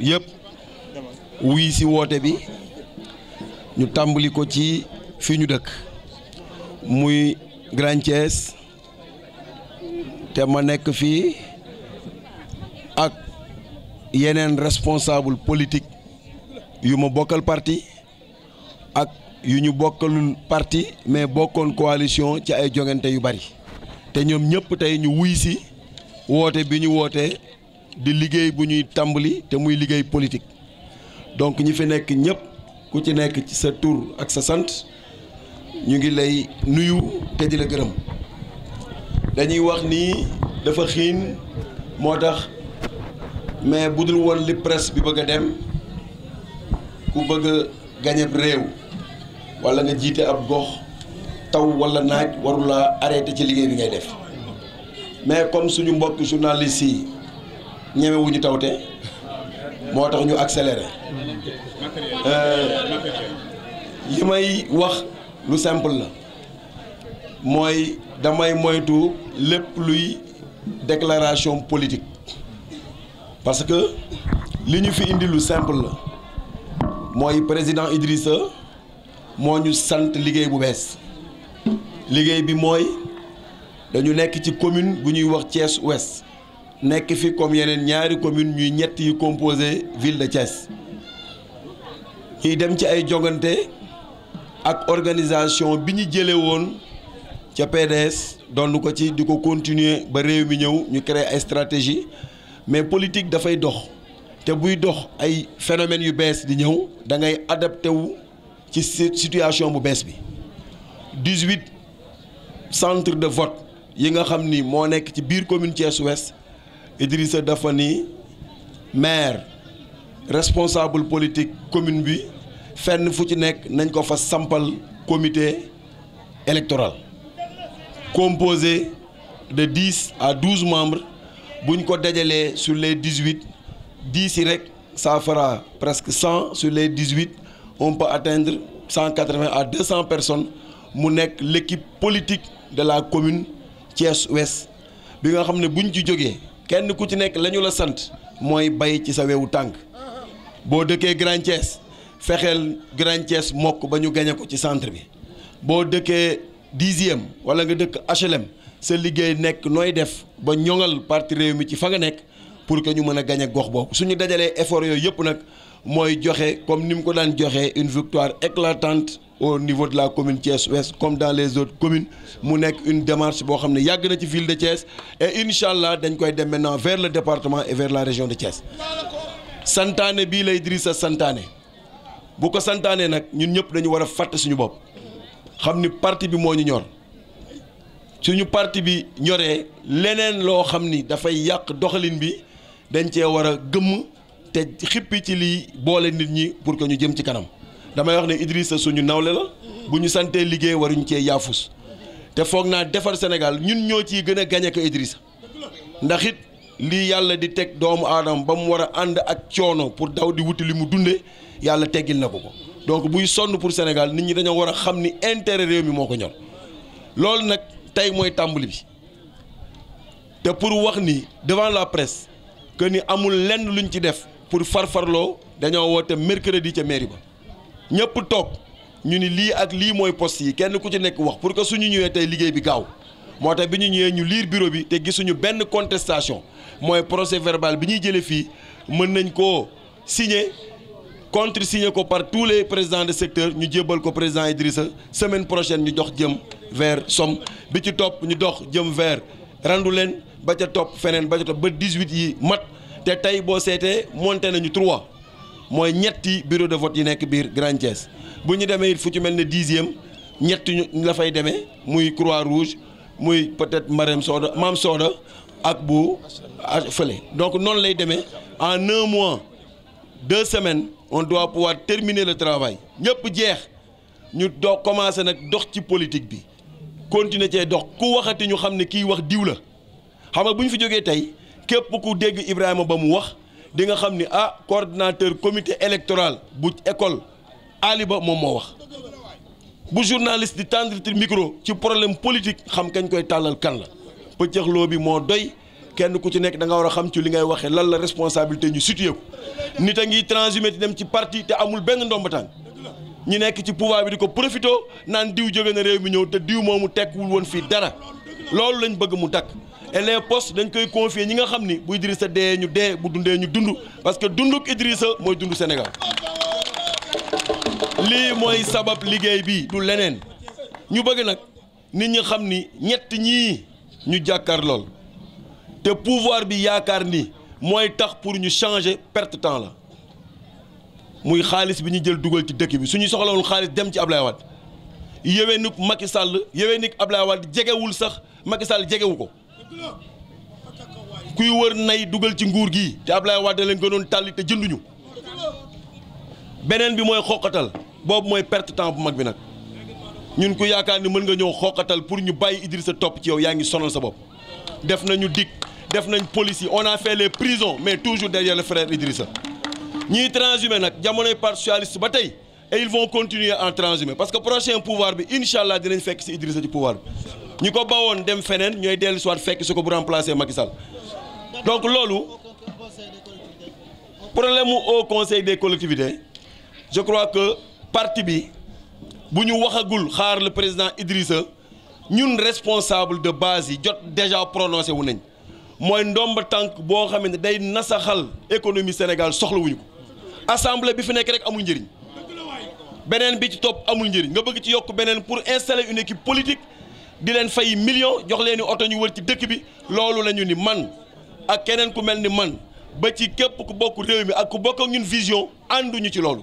yëpp wuy si woote bi ñu tàmbali ko ci fi ñu dëkk muy Grand te ma nekk fii ak yeneen responsable politique yu ma bokkal parti ak yu ñu bokkalul parti mais bokkoon coalition ci ay jongante yu bari te ñoom ñëpp tey ñu wuy woote bi ñu woote di liggéey bu ñuy tàmbali te muy liggéey politique donc ñi fi nekk ñëpp ku ci nekk ci sa tur ak sa sant ñu ngi lay nuyu te di la gërëm dañuy wax ni dafa xiin moo tax mais bu dul woon li presse bi bëgg a dem ku bëgg a gañeb réew wala nga jiite ab gox taw wala naaj warula arrêté ci liggéey bi ngay def mais comme suñu mbokk journaliste yi ñemewuñu tawte moo tax ñu accéléré euh, li may wax lu simple la mooy damay moytu lépp luy déclaration politique parce que li ñu fi indi lu simple la mooy président Idrissa moo ñu sant liggéey bu bees liggéey bi mooy dañu nekk ci commune bu ñuy wax Thiès Ouest nekk fi comme yeneen ñaari commune ñuy ñett yu composé ville de Thiès ñuy dem ci ay jogante ak organisation bi ñu jële woon ca PDS doon ko ci di ko continuer ba réew mi ñëw ñu créer ay stratégie mais politique dafay dox te buy dox ay phénomènes yu bees di ñëw da ngay adapté wu ci situation bu bees bi 18 centre de vote yi nga xam ni moo nekk ci biir commune Thiès Ouest Idrissa dafa ni maire responsable politique commune bi fenn fu ci nekk nañ ko fa sampal comité électoral composé de dix à douze membres buñ ko dajalee sur les dix-huit dix yi rek ça presque cent sur les dix-huit on peut atteindre cent quatre à deux cents personnes mu nekk l'équipe politique de la commune Thiès-Ouest bi nga xam ne buñ ci jógee kenn ku ci nekk lañu la sant mooy bay ci sa wewu tànk boo dëkkee Grand fexeel Grand mokk ba ñu gañe ko ci centre bi boo dëkkee dixième wala nga dëkk HLM sa liggéey nekk nooy def ba ñoŋal parti réew mi ci fa nga nekk pour que ñu mën a gañe gox boobu suñu dajalee efort yooyu yëpp nag mooy joxe comme ni mu ko daan joxe une victoire éclatante au niveau de la commune Thiès-Ouest comme dans les autres communes mu nekk une démarche boo xam ne yàgg na ci ville de Thiès et incha dañ koy dem maintenant vers le département et vers la région de Thiès santaane bii lay Idrissa santaane bu ko santaane nag ñun ñëpp dañu war a fàtte suñu bopp xam ni parti bi moo ñu ñor suñu parti bi ñoree leneen loo xam ni dafay yàq doxalin bi dañ cee war a gëmm te xippi ci lii boole nit ñi pour que ñu jëm ci kanam. damay wax ne Idrissa suñu nawle la bu ñu santee liggéey waruñ cee yaafus te foog naa defar Sénégal ñun ñoo ciy gën a gañe ko Idrissa ndax it lii yàlla di teg doomu aadama ba mu war a ànd ak coono pour daw di wuti li mu dunde yàlla teggil na ko ko donc buy sonn pour Sénégal nit ñi dañoo war a xam ni intérêt réew mi moo ko ñor loolu nag tey mooy tàmbali bi te pour wax ni devant la presse que ni amul lenn luñ ci def pour farfarloo dañoo woote mercredi ca mairie ñëpp toog ñu ni lii ak lii mooy poste yi kenn ku ci nekk wax pour que suñu ñëwee tey liggéey bi gaaw moo tax bi ñu ñëwee ñu liir bureau bi te gisuñu benn contestation mooy procès verbal bi ñuy jëlee fii mën nañ koo signer contre signer ko par tous les présidents de secteur ñu jébbal ko président sa semaine prochaine ñu dox jëm ver Somme bi ci topp ñu dox jëm ver rendu leen ba ca topp feneen ba ca topp ba 18 yi mat te tey boo seetee monté nañu 3 mooy ñetti bureau de vote yi nekk biir Grand Thiès bu ñu demee it fu ci mel ne dixième ñetti ñu la fay demee muy croix rouge muy peut-être Marème Soda Maam Soda ak bu fële donc noonu lay demee en un mois deux semaines on doit pouvoir terminer le travail ñëpp jeex ñu doo commencé nag dox ci politique bi continuer cee dox ku waxati ñu xam ne kii wax diw la xam nga bu ñu fi jógee tey képp ku dégg Ibrahima ba mu wax di nga xam ni ah coordinateur comité électoral bu école Ali moom moo wax bu journaliste di tendre ci micro ci problème politique xam kañ koy tàllal kan la pëccëxloo bi moo doy kenn ku ci nekk da nga war a xam ci li ngay waxee lan la responsabilité ñu situé nit a ngi transhumé dem ci parti te amul benn ndombatang ñu nekk ci pouvoir bi di ko profité naan diw jóge na réew mi ñëw te diw moomu tekkiwul woon fii dara. loolu lañ bëgg mu takk et les postes dañ koy confier ñi nga xam ni bu Idrissa dee ñu dee bu dundee ñu dund parce que dunduk Idrissa mooy dund Sénégal lii mooy sabab liggéey bi du leneen ñu bëgg nag nit ñi xam ni ñett ñii ñu jàkkaar lool te pouvoir bi yaakaar ni mooy tax pour ñu changer perte temps la muy xaalis bi ñu jël dugal ci dëkk bi su ñu soxlawoon xaalis dem ci Ablaye Wade yéwénug Macky Sall yéwénug Abdoulaye Wade jegewul sax Macky sàll jegewu ko kuy wër nay dugal ci nguur gi te Abdoulaye Wade leen gënoon tàlli te jënduñu beneen bi mooy xoqatal boobu mooy perte temps bu mag bi nag ñun ku yaakaar ni mën nga ñëw xoqatal pour ñu bàyyi Idrissa topp ci yow yaa ngi sonal sa bopp def nañu dikk def nañ police yi on a fait les prisons mais toujours derrière le frère Idrissa ñiy transhumé nag jamonoy parti ba tey et ils continuer en transhumer parce que prochain pouvoir bi incha allah dinañ fekk si Idrissa ci pouvoir bi ñu ko bawoon dem feneen ñooy dellu soit fekk su ko bu remplacer Macky Sall donc loolu problème mu au conseil des collectivités je crois que parti bi bu ñu waxagul xaar le président Idrissa ñun responsable de base yi jot déjà prononcé wu nañ mooy ndomb tànk boo xam ne day nasaxal économie Sénégal soxlawuñu ko assemblée bi fi nekk rek amul njëriñ. beneen bi ci topp amul njëriñ nga bëgg ci yokk beneen pour installer une équipe politique di leen fay million jox leen i oto ñu wër ci dëkk bi loolu la ñu ni man ak keneen ku mel ni man ba ci képp ku bokk réew mi ak ku bokk ak ñun vision ànduñu ci loolu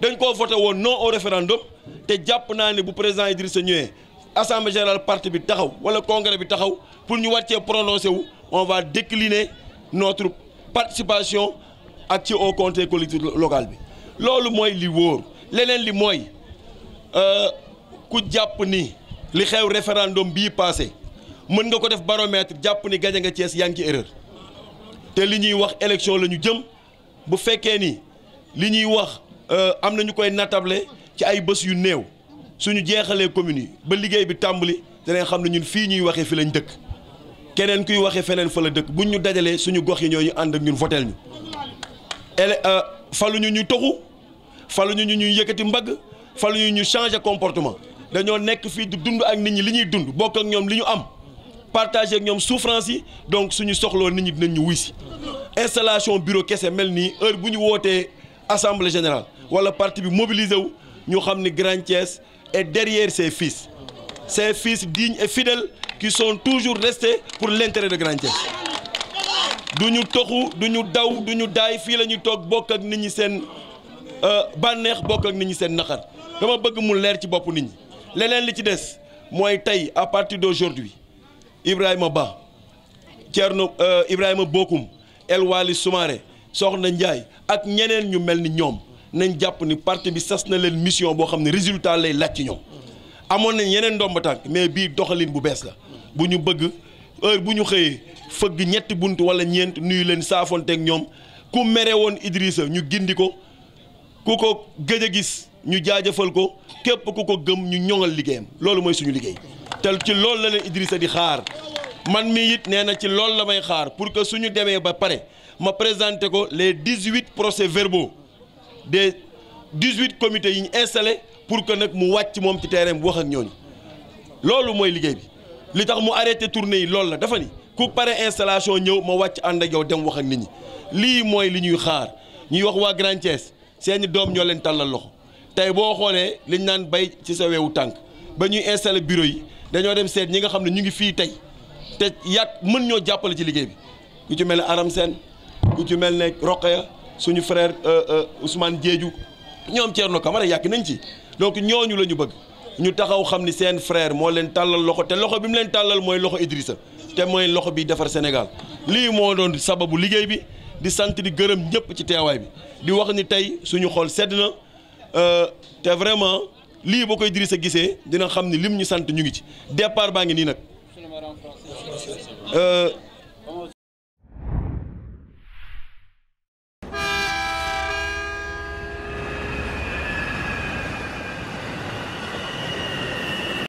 dañ koo voté woon non au référendum te jàpp naa ne bu président Idrissa ñëwee assemblée générale parti bi taxaw wala congrès bi taxaw pour ñu wàccee prononcé wu on va décliner notre participation ak ci au conseil collectif local bi loolu mooy li wóor leneen li mooy euh, ku jàpp ni li xew référendum bii passé mën nga ko def baromètre jàpp ni gañ nga Thiès yaa ngi ci erreur te li ñuy wax élection la ñu jëm bu fekkee ni li ñuy wax euh, am na ñu koy natable ci ay bés yu néew suñu jeexalee communes yi ba liggéey bi tàmbali danañ xam na ñun fii ñuy waxee fi lañ dëkk keneen kuy waxee feneen fa la dëkk buñ ñu dajalee suñu gox yi ñoo ñu ànd ak ñun voteel ñu. Euh, faluñu ñu toxu. faluñu ñu ñuy yëkkati mbagg faluñu ñu changer comportement dañoo nekk fii du dund ak nit ñi li ñuy dund bokk ak ñoom li ñu am partager ak ñoom souffrance yi donc suñu soxloo nit ñi dinañ ñu wuy si installation bureau kese mel nii heure bu ñu wootee assemblée générale wala partie bi mobilisé wu ñu xam ni Grand Thiès est derrière ses fils ses fils dignes et fidèles qui sont toujours restés pour l'intérêt de Grand Thiès du ñu toxu du ñu daw du ñu daay fii la ñuy toog bokk ak nit ñi seen Euh, bànneex bokk ak nit ñi seen naqar dama bëgg mu leer ci bopp nit ñi leneen li ci des mooy tey à partir d'aujourd'hui Ibrahima Ba Thierno euh, Ibrahima Bokum El Wali Soumaré Soxna Ndiaye ak ñeneen ñu mel ni ñoom nañ jàpp ni parti bi sas na leen mission boo xam ne résultat lay laaj ci ñoom amoon nañ yeneen ndomba mais bii doxalin bu bees la bu ñu bëgg heure bu ñu xëyee fëgg ñetti bunt wala ñeent nuyu leen saafonteeg ñoom ku mere woon Idrissa ñu gindi ko ku ko gëj a gis ñu jaajëfal ko képp ku ko gëm ñu ñoŋal liggéeyam loolu mooy suñu liggéey te ci loolu la leen Idrissa di xaar man mi it nee na ci loolu la may xaar pour que suñu demee ba pare ma présenté ko les dix-huit procès verbaux des dix-huit comités yi ñu installé pour que nag mu wàcc moom ci terrain bu wax ak ñooñu loolu mooy liggéey bi li tax mu arrêté tournée yi loolu la dafa ni ku pare installation ñëw ma wàcc ànd ak yow dem wax ak nit ñi lii mooy li ñuy xaar ñuy wax waa Grand seeni doom ñoo leen tàllal loxo tey boo xoolee li ñu naan bay ci sa weewu tànk ba ñuy installé biro yi dañoo dem seet ñi nga xam ne ñu ngi fii tey te yàgg mën ñoo jàppale ci liggéey bi ku ci mel ne Aram Sène ku ci mel ne Roqaya suñu frère euh, euh, Ousmane Diédiou ñoom Thierno Camara yàgg nañ ci donc ñooñu la ñu bëgg ñu taxaw xam ni seen frère moo leen tàllal loxo te loxo bi mu leen tàllal mooy loxo Idrissa te mooy loxo bi defar Sénégal lii moo doon sababu liggéey bi di sant di gërëm ñëpp ci teewaay bi di wax ni tey suñu xool sedd na euh, te vraiment lii boo koy sa gisee dina xam ni lim ñu sant ñu ngi ci départ baa ngi nii nag. Euh,